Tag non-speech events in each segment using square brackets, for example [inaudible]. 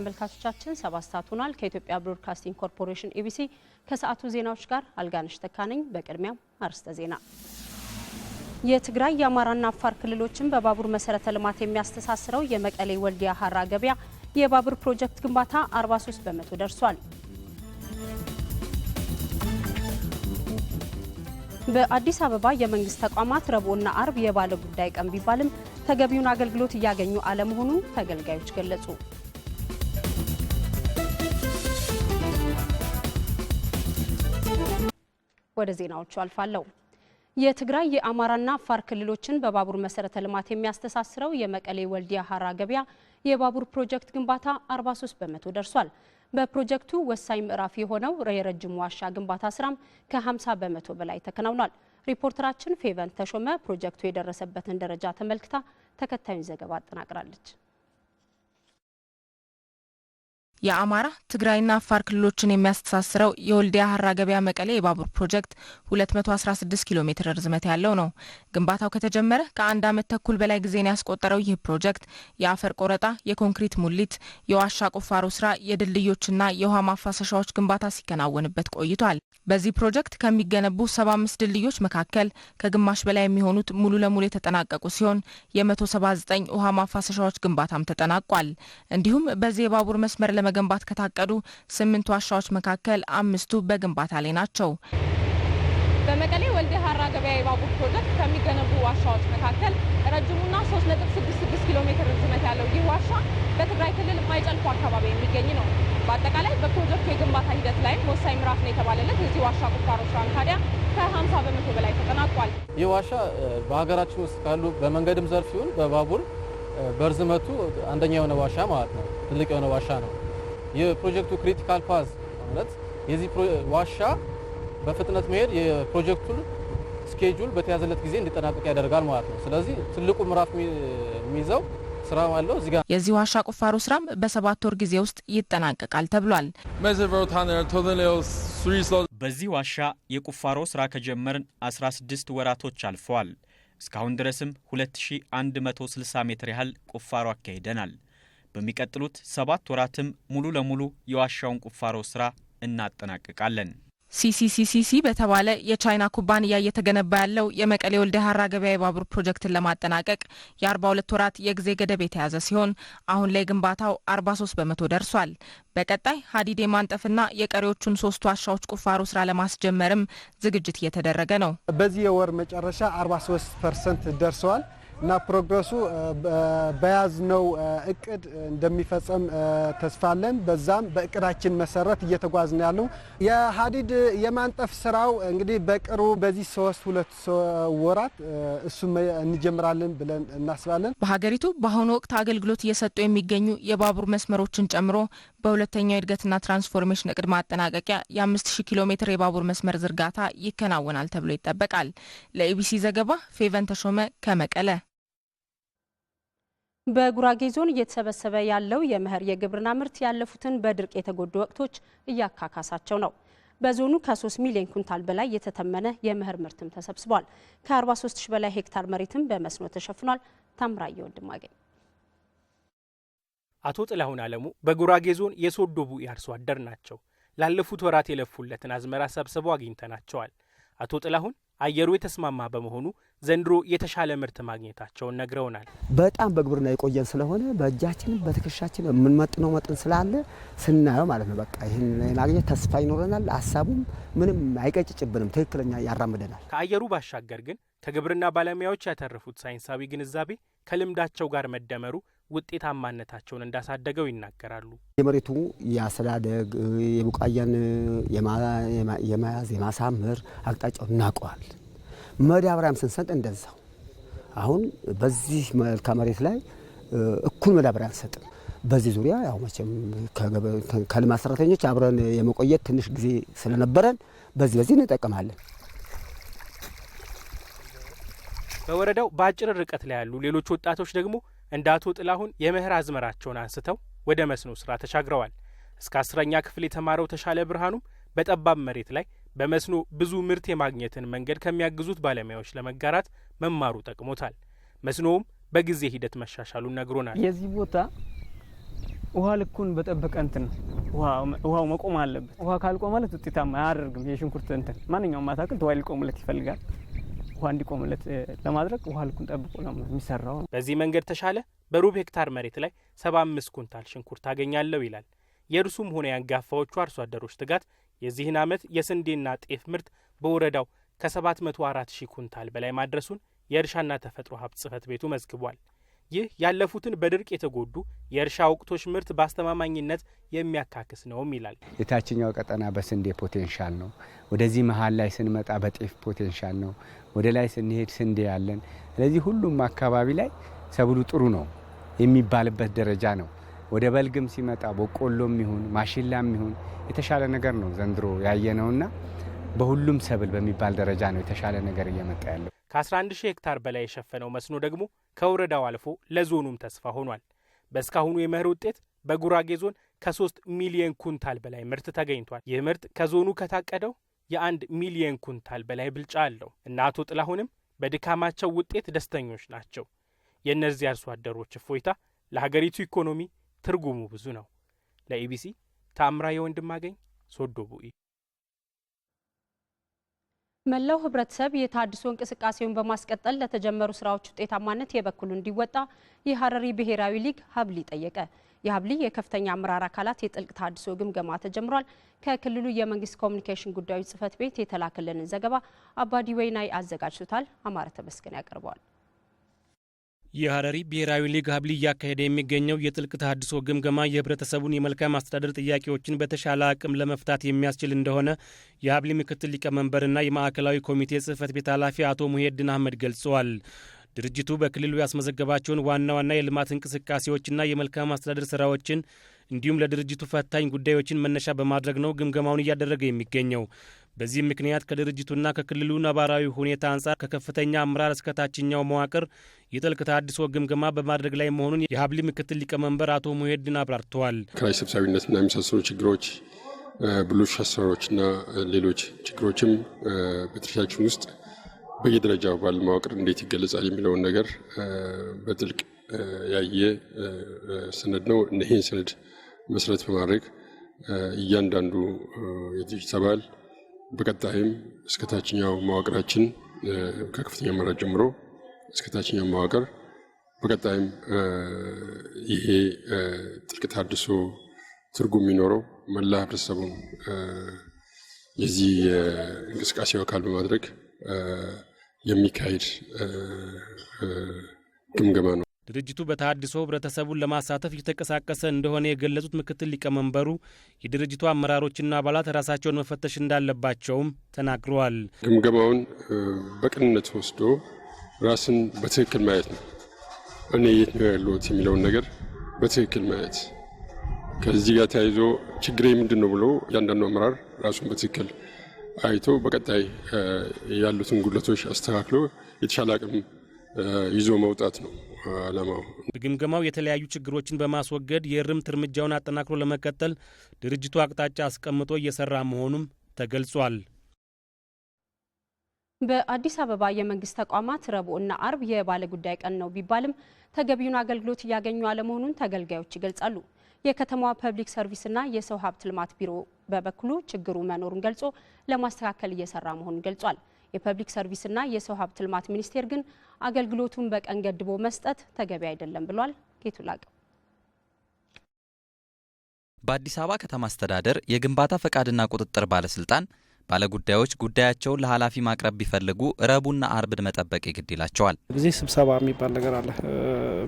ተመልካቾቻችን ሰባት ሰዓት ሆኗል። ከኢትዮጵያ ብሮድካስቲንግ ኮርፖሬሽን ኤቢሲ ከሰዓቱ ዜናዎች ጋር አልጋነሽ ተካነኝ። በቅድሚያም አርስተ ዜና የትግራይ የአማራና አፋር ክልሎችን በባቡር መሰረተ ልማት የሚያስተሳስረው የመቀሌ ወልዲያ ሀራ ገበያ የባቡር ፕሮጀክት ግንባታ 43 በመቶ ደርሷል። በአዲስ አበባ የመንግስት ተቋማት ረቡዕና አርብ የባለ ጉዳይ ቀን ቢባልም ተገቢውን አገልግሎት እያገኙ አለመሆኑን ተገልጋዮች ገለጹ። ወደ ዜናዎቹ አልፋለሁ። የትግራይ የአማራና አፋር ክልሎችን በባቡር መሰረተ ልማት የሚያስተሳስረው የመቀሌ ወልዲያ ሀራ ገበያ የባቡር ፕሮጀክት ግንባታ 43 በመቶ ደርሷል። በፕሮጀክቱ ወሳኝ ምዕራፍ የሆነው የረጅም ዋሻ ግንባታ ስራም ከ50 በመቶ በላይ ተከናውኗል። ሪፖርተራችን ፌቨን ተሾመ ፕሮጀክቱ የደረሰበትን ደረጃ ተመልክታ ተከታዩን ዘገባ አጠናቅራለች። የአማራ ትግራይና አፋር ክልሎችን የሚያስተሳስረው የወልዲያ ሀራ ገበያ መቀሌ የባቡር ፕሮጀክት 216 ኪሎ ሜትር ርዝመት ያለው ነው። ግንባታው ከተጀመረ ከአንድ ዓመት ተኩል በላይ ጊዜን ያስቆጠረው ይህ ፕሮጀክት የአፈር ቆረጣ፣ የኮንክሪት ሙሊት፣ የዋሻ ቁፋሮ ስራ፣ የድልድዮችና የውሃ ማፋሰሻዎች ግንባታ ሲከናወንበት ቆይቷል። በዚህ ፕሮጀክት ከሚገነቡ 75 ድልድዮች መካከል ከግማሽ በላይ የሚሆኑት ሙሉ ለሙሉ የተጠናቀቁ ሲሆን የ179 ውሃ ማፋሰሻዎች ግንባታም ተጠናቋል። እንዲሁም በዚህ የባቡር መስመር ለመ ለመገንባት ከታቀዱ ስምንት ዋሻዎች መካከል አምስቱ በግንባታ ላይ ናቸው። በመቀሌ ወልደ ሀራ ገበያ የባቡር ፕሮጀክት ከሚገነቡ ዋሻዎች መካከል ረጅሙና 366 ኪሎ ሜትር ርዝመት ያለው ይህ ዋሻ በትግራይ ክልል ማይጨልፎ አካባቢ የሚገኝ ነው። በአጠቃላይ በፕሮጀክቱ የግንባታ ሂደት ላይም ወሳኝ ምዕራፍ ነው የተባለለት የዚህ ዋሻ ቁፋሮ ስራም ታዲያ ከሀምሳ በመቶ በላይ ተጠናቋል። ይህ ዋሻ በሀገራችን ውስጥ ካሉ በመንገድም ዘርፍ ይሁን በባቡር በርዝመቱ አንደኛ የሆነ ዋሻ ማለት ነው። ትልቅ የሆነ ዋሻ ነው። የፕሮጀክቱ ክሪቲካል ፓዝ ማለት የዚህ ዋሻ በፍጥነት መሄድ የፕሮጀክቱን ስኬጁል በተያዘለት ጊዜ እንዲጠናቀቅ ያደርጋል ማለት ነው። ስለዚህ ትልቁ ምዕራፍ የሚይዘው ስራ አለው የዚህ ዋሻ ቁፋሮ ስራም በሰባት ወር ጊዜ ውስጥ ይጠናቀቃል ተብሏል። በዚህ ዋሻ የቁፋሮ ስራ ከጀመርን 16 ወራቶች አልፈዋል። እስካሁን ድረስም 2160 ሜትር ያህል ቁፋሮ አካሂደናል። በሚቀጥሉት ሰባት ወራትም ሙሉ ለሙሉ የዋሻውን ቁፋሮ ስራ እናጠናቅቃለን። ሲሲሲሲሲ በተባለ የቻይና ኩባንያ እየተገነባ ያለው የመቀሌ ወልደ ሀራ ገበያ የባቡር ፕሮጀክትን ለማጠናቀቅ የአርባ ሁለት ወራት የጊዜ ገደብ የተያዘ ሲሆን አሁን ላይ ግንባታው አርባ ሶስት በመቶ ደርሷል። በቀጣይ ሀዲድ የማንጠፍና የቀሪዎቹን ሶስት ዋሻዎች ቁፋሮ ስራ ለማስጀመርም ዝግጅት እየተደረገ ነው። በዚህ የወር መጨረሻ አርባ ሶስት ፐርሰንት ደርሰዋል። እና ፕሮግረሱ በያዝነው እቅድ እንደሚፈጸም ተስፋ አለን። በዛም በእቅዳችን መሰረት እየተጓዝን ያለው የሀዲድ የማንጠፍ ስራው እንግዲህ በቅርቡ በዚህ ሶስት ሁለት ወራት እሱ እንጀምራለን ብለን እናስባለን። በሀገሪቱ በአሁኑ ወቅት አገልግሎት እየሰጡ የሚገኙ የባቡር መስመሮችን ጨምሮ በሁለተኛው የእድገትና ትራንስፎርሜሽን እቅድ ማጠናቀቂያ የ5000 ኪሎ ሜትር የባቡር መስመር ዝርጋታ ይከናወናል ተብሎ ይጠበቃል። ለኢቢሲ ዘገባ ፌቨን ተሾመ ከመቀለ በጉራጌ ዞን እየተሰበሰበ ያለው የመኸር የግብርና ምርት ያለፉትን በድርቅ የተጎዱ ወቅቶች እያካካሳቸው ነው። በዞኑ ከ3 ሚሊዮን ኩንታል በላይ የተተመነ የመኸር ምርትም ተሰብስቧል። ከ43 ሺህ በላይ ሄክታር መሬትም በመስኖ ተሸፍኗል። ታምራየ አገኝ አቶ ጥላሁን አለሙ በጉራጌ ዞን የሶዶቡ የአርሶ አደር ናቸው። ላለፉት ወራት የለፉለትን አዝመራ ሰብስበው አግኝተናቸዋል። አቶ ጥላሁን አየሩ የተስማማ በመሆኑ ዘንድሮ የተሻለ ምርት ማግኘታቸውን ነግረውናል። በጣም በግብርና የቆየን ስለሆነ በእጃችን በትከሻችን የምንመጥነው መጠን ስላለ ስናየው ማለት ነው በቃ ይህን ማግኘት ተስፋ ይኖረናል። ሀሳቡም ምንም አይቀጭጭብንም፣ ትክክለኛ ያራምደናል። ከአየሩ ባሻገር ግን ከግብርና ባለሙያዎች ያተረፉት ሳይንሳዊ ግንዛቤ ከልምዳቸው ጋር መደመሩ ውጤታማነታቸውን እንዳሳደገው ይናገራሉ። የመሬቱ የአስተዳደግ የቡቃያን የመያዝ የማሳመር አቅጣጫውን እናውቀዋል። መዳበሪያም ስንሰጥ እንደዛው አሁን በዚህ መልካ መሬት ላይ እኩል መዳበሪያ አንሰጥም። በዚህ ዙሪያ ያው መቼም ከልማት ሰራተኞች አብረን የመቆየት ትንሽ ጊዜ ስለነበረን በዚህ በዚህ እንጠቀማለን። በወረዳው በአጭር ርቀት ላይ ያሉ ሌሎች ወጣቶች ደግሞ እንደ አቶ ጥላሁን የመኸር አዝመራቸውን አንስተው ወደ መስኖ ስራ ተሻግረዋል። እስከ አስረኛ ክፍል የተማረው ተሻለ ብርሃኑም በጠባብ መሬት ላይ በመስኖ ብዙ ምርት የማግኘትን መንገድ ከሚያግዙት ባለሙያዎች ለመጋራት መማሩ ጠቅሞታል። መስኖውም በጊዜ ሂደት መሻሻሉን ነግሮናል። የዚህ ቦታ ውሃ ልኩን በጠበቀ እንትን ነው። ውሃው መቆም አለበት። ውሃ ካልቆ ማለት ውጤታማ አያደርግም። የሽንኩርት እንትን ማንኛውም አታክልት ውሃ ሊቆምለት ይፈልጋል። ውሃ እንዲቆምለት ለማድረግ ውሃ ልኩን ጠብቆ የሚሰራው ነው። በዚህ መንገድ ተሻለ በሩብ ሄክታር መሬት ላይ ሰባ አምስት ኩንታል ሽንኩርት ታገኛለሁ ይላል። የእርሱም ሆነ ያንጋፋዎቹ አርሶ አደሮች ትጋት የዚህን ዓመት የስንዴና ጤፍ ምርት በወረዳው ከ704 ሺህ ኩንታል በላይ ማድረሱን የእርሻና ተፈጥሮ ሀብት ጽፈት ቤቱ መዝግቧል። ይህ ያለፉትን በድርቅ የተጎዱ የእርሻ ወቅቶች ምርት በአስተማማኝነት የሚያካክስ ነውም ይላል። የታችኛው ቀጠና በስንዴ ፖቴንሻል ነው። ወደዚህ መሀል ላይ ስንመጣ በጤፍ ፖቴንሻል ነው። ወደ ላይ ስንሄድ ስንዴ ያለን። ስለዚህ ሁሉም አካባቢ ላይ ሰብሉ ጥሩ ነው የሚባልበት ደረጃ ነው። ወደ በልግም ሲመጣ በቆሎም ይሁን ማሽላም ይሁን የተሻለ ነገር ነው ዘንድሮ ያየነውና በሁሉም ሰብል በሚባል ደረጃ ነው የተሻለ ነገር እየመጣ ያለው። ከ11 ሺህ ሄክታር በላይ የሸፈነው መስኖ ደግሞ ከወረዳው አልፎ ለዞኑም ተስፋ ሆኗል። በእስካሁኑ የመኸር ውጤት በጉራጌ ዞን ከሶስት ሚሊየን ኩንታል በላይ ምርት ተገኝቷል። ይህ ምርት ከዞኑ ከታቀደው የአንድ ሚሊየን ኩንታል በላይ ብልጫ አለው እና አቶ ጥላሁንም በድካማቸው ውጤት ደስተኞች ናቸው። የእነዚህ አርሶ አደሮች እፎይታ ለሀገሪቱ ኢኮኖሚ ትርጉሙ ብዙ ነው። ለኢቢሲ ታምራ የወንድማገኝ ሶዶ ቡኢ መላው ህብረተሰብ የታድሶ እንቅስቃሴውን በማስቀጠል ለተጀመሩ ስራዎች ውጤታማነት የበኩሉ እንዲወጣ የሀረሪ ብሔራዊ ሊግ ሀብሊ ጠየቀ። የሀብሊ የከፍተኛ አመራር አካላት የጥልቅ ታድሶ ግምገማ ተጀምሯል። ከክልሉ የመንግስት ኮሚኒኬሽን ጉዳዮች ጽህፈት ቤት የተላከልንን ዘገባ አባዲ ወይናይ አዘጋጅቶታል። አማረ ተመስገን ያቀርበዋል። የሀረሪ ብሔራዊ ሊግ ሀብሊ እያካሄደ የሚገኘው የጥልቅ ተሃድሶ ግምገማ የህብረተሰቡን የመልካም አስተዳደር ጥያቄዎችን በተሻለ አቅም ለመፍታት የሚያስችል እንደሆነ የሀብሊ ምክትል ሊቀመንበርና የማዕከላዊ ኮሚቴ ጽህፈት ቤት ኃላፊ አቶ ሙሄድን አህመድ ገልጸዋል። ድርጅቱ በክልሉ ያስመዘገባቸውን ዋና ዋና የልማት እንቅስቃሴዎችና የመልካም አስተዳደር ስራዎችን እንዲሁም ለድርጅቱ ፈታኝ ጉዳዮችን መነሻ በማድረግ ነው ግምገማውን እያደረገ የሚገኘው። በዚህም ምክንያት ከድርጅቱና ከክልሉ ነባራዊ ሁኔታ አንጻር ከከፍተኛ አምራር እስከ ታችኛው መዋቅር የጥልቅ ተሃድሶ ግምገማ በማድረግ ላይ መሆኑን የሀብሊ ምክትል ሊቀመንበር አቶ ሙሄድን አብራርተዋል። ኪራይ ሰብሳቢነትና የመሳሰሉ ችግሮች፣ ብልሹ አሰራሮችና ሌሎች ችግሮችም በድርሻችን ውስጥ በየደረጃው ባለ መዋቅር እንዴት ይገለጻል የሚለውን ነገር በጥልቅ ያየ ሰነድ ነው። ይህን ሰነድ መሰረት በማድረግ እያንዳንዱ የድርጅት አባል በቀጣይም እስከ ታችኛው መዋቅራችን ከከፍተኛ መራ ጀምሮ እስከ ታችኛው መዋቅር በቀጣይም ይሄ ጥልቅ ተሃድሶ ትርጉም የሚኖረው መላ ህብረተሰቡን የዚህ እንቅስቃሴ አካል በማድረግ የሚካሄድ ግምገማ ነው። ድርጅቱ በተሃድሶ ህብረተሰቡን ለማሳተፍ እየተንቀሳቀሰ እንደሆነ የገለጹት ምክትል ሊቀመንበሩ የድርጅቱ አመራሮችና አባላት ራሳቸውን መፈተሽ እንዳለባቸውም ተናግረዋል። ግምገማውን በቅንነት ወስዶ ራስን በትክክል ማየት ነው። እኔ የት ነው ያለሁት የሚለውን ነገር በትክክል ማየት ከዚህ ጋር ተያይዞ ችግሬ ምንድን ነው ብሎ እያንዳንዱ አመራር ራሱን በትክክል አይቶ በቀጣይ ያሉትን ጉድለቶች አስተካክሎ የተሻለ አቅም ይዞ መውጣት ነው። አላማው። በግምገማው የተለያዩ ችግሮችን በማስወገድ የእርምት እርምጃውን አጠናክሮ ለመቀጠል ድርጅቱ አቅጣጫ አስቀምጦ እየሰራ መሆኑም ተገልጿል። በአዲስ አበባ የመንግስት ተቋማት ረቡዕና አርብ የባለ ጉዳይ ቀን ነው ቢባልም ተገቢውን አገልግሎት እያገኙ አለመሆኑን ተገልጋዮች ይገልጻሉ። የከተማዋ ፐብሊክ ሰርቪስና የሰው ሀብት ልማት ቢሮ በበኩሉ ችግሩ መኖሩን ገልጾ ለማስተካከል እየሰራ መሆኑን ገልጿል። የፐብሊክ ሰርቪስና የሰው ሀብት ልማት ሚኒስቴር ግን አገልግሎቱን በቀን ገድቦ መስጠት ተገቢ አይደለም ብሏል። ጌቱ ላቀ በአዲስ አበባ ከተማ አስተዳደር የግንባታ ፈቃድና ቁጥጥር ባለስልጣን ባለጉዳዮች ጉዳያቸውን ለኃላፊ ማቅረብ ቢፈልጉ ረቡና አርብን መጠበቅ የግድ ይላቸዋል። ጊዜ ስብሰባ የሚባል ነገር አለ።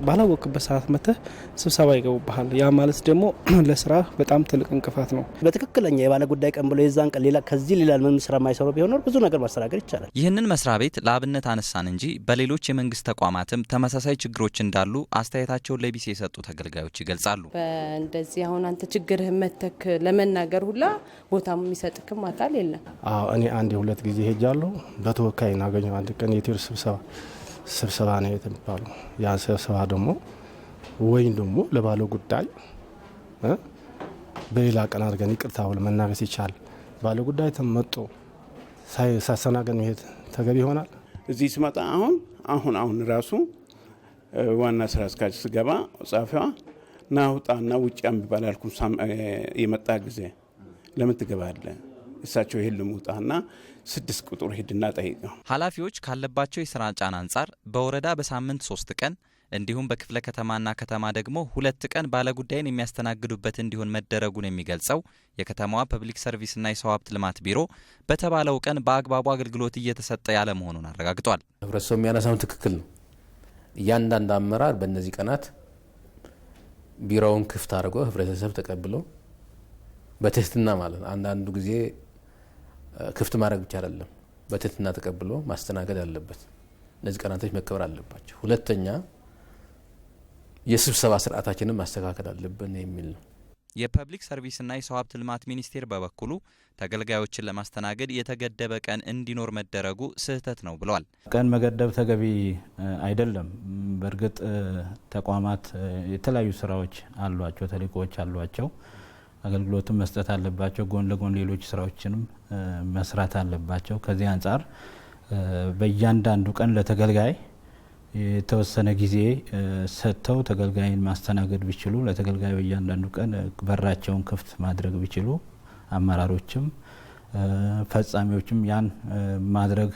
ባላወቅበት ሰዓት መተህ ስብሰባ ይገቡብሃል። ያ ማለት ደግሞ [clears throat] ለስራ በጣም ትልቅ እንቅፋት ነው። በትክክለኛ የባለ ጉዳይ ቀን ብሎ የዛን ቀን ሌላ ከዚህ ሌላ ምንም ስራ የማይሰሩ ቢሆን ብዙ ነገር ማስተናገድ ይቻላል። ይህንን መስሪያ ቤት ለአብነት አነሳን እንጂ በሌሎች የመንግስት ተቋማትም ተመሳሳይ ችግሮች እንዳሉ አስተያየታቸውን ለቢሲ የሰጡ ተገልጋዮች ይገልጻሉ። እንደዚህ አሁን አንተ ችግርህን መተክ ለመናገር ሁላ ቦታ የሚሰጥክም አካል የለም። እኔ አንድ የሁለት ጊዜ ሄጃለሁ። በተወካይ እናገኘው አንድ ቀን የቴር ስብሰባ ስብሰባ ነው የተባሉ ያ ስብሰባ ደግሞ ወይም ደግሞ ለባለ ጉዳይ በሌላ ቀን አድርገን ይቅርታ ብሎ መናገስ ይቻል። ባለ ጉዳይ ተመጦ ሳሰናገን መሄድ ተገቢ ይሆናል። እዚህ ስመጣ አሁን አሁን አሁን ራሱ ዋና ስራ አስኪያጅ ስገባ ጻፊዋ ናውጣና ውጭ አንብባል አልኩም። የመጣ ጊዜ ለምን ትገባለህ? እሳቸው ይህን ልሙጣና ስድስት ቁጥር ሂድና ጠይቅ ነው። ኃላፊዎች ካለባቸው የስራ ጫና አንጻር በወረዳ በሳምንት ሶስት ቀን እንዲሁም በክፍለ ከተማና ከተማ ደግሞ ሁለት ቀን ባለጉዳይን የሚያስተናግዱበት እንዲሆን መደረጉን የሚገልጸው የከተማዋ ፐብሊክ ሰርቪስና የሰው ሀብት ልማት ቢሮ በተባለው ቀን በአግባቡ አገልግሎት እየተሰጠ ያለ መሆኑን አረጋግጧል። ህብረተሰቡ የሚያነሳውን ትክክል ነው። እያንዳንድ አመራር በእነዚህ ቀናት ቢሮውን ክፍት አድርጎ ህብረተሰብ ተቀብሎ በትህትና ማለት አንዳንዱ ጊዜ ክፍት ማድረግ ብቻ አይደለም፣ በትህትና ተቀብሎ ማስተናገድ አለበት። እነዚህ ቀናቶች መከበር አለባቸው። ሁለተኛ የስብሰባ ስርዓታችንን ማስተካከል አለብን የሚል ነው። የፐብሊክ ሰርቪስና የሰው ሀብት ልማት ሚኒስቴር በበኩሉ ተገልጋዮችን ለማስተናገድ የተገደበ ቀን እንዲኖር መደረጉ ስህተት ነው ብሏል። ቀን መገደብ ተገቢ አይደለም። በእርግጥ ተቋማት የተለያዩ ስራዎች አሏቸው፣ ተልእኮዎች አሏቸው። አገልግሎትን መስጠት አለባቸው። ጎን ለጎን ሌሎች ስራዎችንም መስራት አለባቸው። ከዚህ አንጻር በእያንዳንዱ ቀን ለተገልጋይ የተወሰነ ጊዜ ሰጥተው ተገልጋይን ማስተናገድ ቢችሉ፣ ለተገልጋይ በእያንዳንዱ ቀን በራቸውን ክፍት ማድረግ ቢችሉ አመራሮችም ፈጻሚዎችም ያን ማድረግ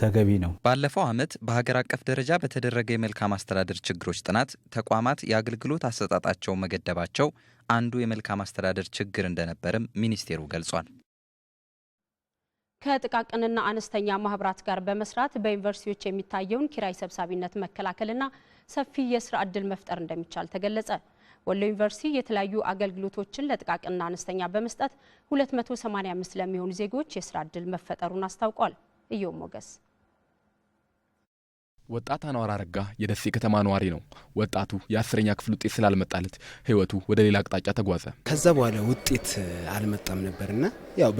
ተገቢ ነው። ባለፈው ዓመት በሀገር አቀፍ ደረጃ በተደረገ የመልካም አስተዳደር ችግሮች ጥናት ተቋማት የአገልግሎት አሰጣጣቸው መገደባቸው አንዱ የመልካም አስተዳደር ችግር እንደነበርም ሚኒስቴሩ ገልጿል። ከጥቃቅንና አነስተኛ ማህበራት ጋር በመስራት በዩኒቨርሲቲዎች የሚታየውን ኪራይ ሰብሳቢነት መከላከልና ሰፊ የስራ እድል መፍጠር እንደሚቻል ተገለጸ። ወሎ ዩኒቨርሲቲ የተለያዩ አገልግሎቶችን ለጥቃቅንና አነስተኛ በመስጠት 285 ለሚሆኑ ዜጎች የስራ ዕድል መፈጠሩን አስታውቋል። እዮም ሞገስ ወጣት አኗር አረጋ የደሴ ከተማ ነዋሪ ነው። ወጣቱ የአስረኛ ክፍል ውጤት ስላልመጣለት ህይወቱ ወደ ሌላ አቅጣጫ ተጓዘ። ከዛ በኋላ ውጤት አልመጣም ነበርና ያው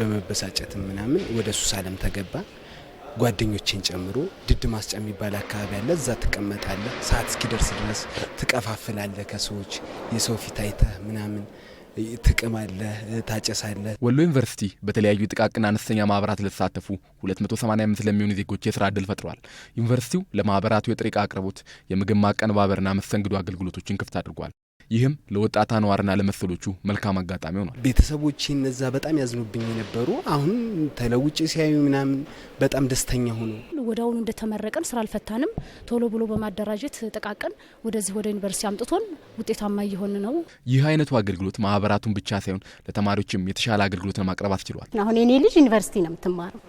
በመበሳጨት ምናምን ወደ ሱስ አለም ተገባ። ጓደኞቼን ጨምሮ ድድ ማስጫ የሚባል አካባቢ አለ። እዛ ትቀመጣለህ፣ ሰዓት እስኪደርስ ድረስ ትቀፋፍላለ። ከሰዎች የሰው ፊት አይተህ ምናምን ትቅማለህ፣ ታጨሳለ። ወሎ ዩኒቨርሲቲ በተለያዩ ጥቃቅና አነስተኛ ማህበራት ለተሳተፉ 285 ለሚሆኑ ዜጎች የስራ እድል ፈጥሯል። ዩኒቨርሲቲው ለማህበራቱ የጥሬ አቅርቦት፣ የምግብ ማቀነባበርና መስተንግዶ አገልግሎቶችን ክፍት አድርጓል። ይህም ለወጣት አንዋርና ለመሰሎቹ መልካም አጋጣሚ ሆኗል። ቤተሰቦቼ እነዛ በጣም ያዝኑብኝ የነበሩ አሁን ተለውጭ ሲያዩ ምናምን በጣም ደስተኛ ሆኖ ወደ አሁኑ እንደተመረቀን ስራ አልፈታንም። ቶሎ ብሎ በማደራጀት ጠቃቀን ወደዚህ ወደ ዩኒቨርሲቲ አምጥቶን ውጤታማ እየሆን ነው። ይህ አይነቱ አገልግሎት ማህበራቱን ብቻ ሳይሆን ለተማሪዎችም የተሻለ አገልግሎት ማቅረብ አስችሏል። አሁን የኔ ልጅ ዩኒቨርሲቲ ነው የምትማረው።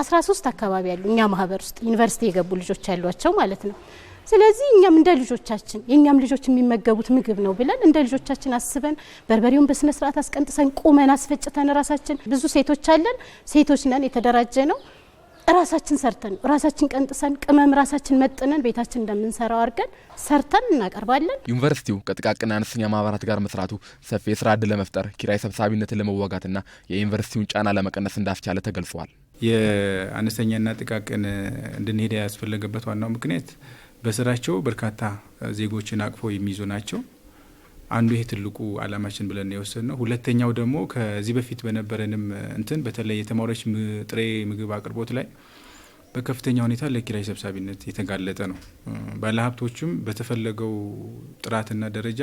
አስራ ሶስት አካባቢ ያሉ እኛ ማህበር ውስጥ ዩኒቨርሲቲ የገቡ ልጆች ያሏቸው ማለት ነው ስለዚህ እኛም እንደ ልጆቻችን የእኛም ልጆች የሚመገቡት ምግብ ነው ብለን እንደ ልጆቻችን አስበን በርበሬውን በስነ ስርዓት አስቀንጥሰን ቁመን አስፈጭተን ራሳችን ብዙ ሴቶች አለን። ሴቶች ነን፣ የተደራጀ ነው። ራሳችን ሰርተን ራሳችን ቀንጥሰን ቅመም ራሳችን መጥነን ቤታችን እንደምንሰራው አድርገን ሰርተን እናቀርባለን። ዩኒቨርሲቲው ከጥቃቅንና አነስተኛ ማህበራት ጋር መስራቱ ሰፊ የስራ ዕድል ለመፍጠር ኪራይ ሰብሳቢነትን ለመዋጋትና የዩኒቨርሲቲውን ጫና ለመቀነስ እንዳስቻለ ተገልጿል። የአነስተኛና ጥቃቅን እንድንሄድ ያስፈለገበት ዋናው ምክንያት በስራቸው በርካታ ዜጎችን አቅፎ የሚይዙ ናቸው። አንዱ ይሄ ትልቁ አላማችን ብለን የወሰድ ነው። ሁለተኛው ደግሞ ከዚህ በፊት በነበረንም እንትን በተለይ የተማሪዎች ጥሬ ምግብ አቅርቦት ላይ በከፍተኛ ሁኔታ ለኪራይ ሰብሳቢነት የተጋለጠ ነው። ባለሀብቶችም በተፈለገው ጥራትና ደረጃ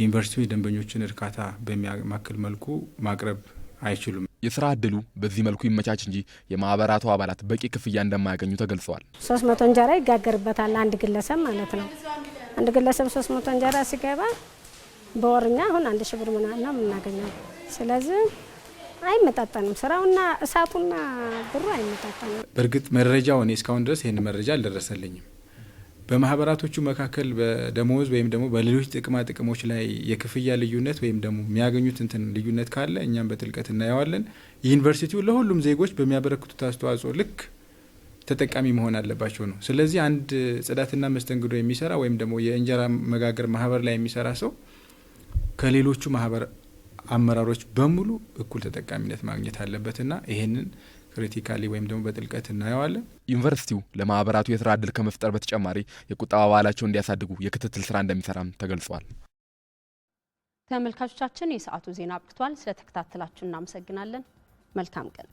ዩኒቨርሲቲው የደንበኞችን እርካታ በሚያማክል መልኩ ማቅረብ አይችሉም። የስራ እድሉ በዚህ መልኩ ይመቻች እንጂ የማህበራቱ አባላት በቂ ክፍያ እንደማያገኙ ተገልጸዋል። ሶስት መቶ እንጀራ ይጋገርበታል አንድ ግለሰብ ማለት ነው። አንድ ግለሰብ ሶስት መቶ እንጀራ ሲገባ በወርኛ አሁን አንድ ሺ ብር ምናምን ነው የምናገኘው። ስለዚህ አይመጣጠንም፣ ስራውና እሳቱና ብሩ አይመጣጠንም። በእርግጥ መረጃው እኔ እስካሁን ድረስ ይህን መረጃ አልደረሰልኝም። በማህበራቶቹ መካከል በደሞዝ ወይም ደግሞ በሌሎች ጥቅማ ጥቅሞች ላይ የክፍያ ልዩነት ወይም ደግሞ የሚያገኙት እንትን ልዩነት ካለ እኛም በጥልቀት እናየዋለን። ዩኒቨርሲቲው ለሁሉም ዜጎች በሚያበረክቱት አስተዋጽኦ ልክ ተጠቃሚ መሆን አለባቸው ነው። ስለዚህ አንድ ጽዳትና መስተንግዶ የሚሰራ ወይም ደግሞ የእንጀራ መጋገር ማህበር ላይ የሚሰራ ሰው ከሌሎቹ ማህበር አመራሮች በሙሉ እኩል ተጠቃሚነት ማግኘት አለበትና ይህንን ክሪቲካሊ ወይም ደግሞ በጥልቀት እናየዋለን። ዩኒቨርሲቲው ለማህበራቱ የስራ እድል ከመፍጠር በተጨማሪ የቁጠባ ባህላቸውን እንዲያሳድጉ የክትትል ስራ እንደሚሰራም ተገልጿል። ተመልካቾቻችን የሰዓቱ ዜና አብቅቷል። ስለተከታተላችሁ እናመሰግናለን። መልካም ቀን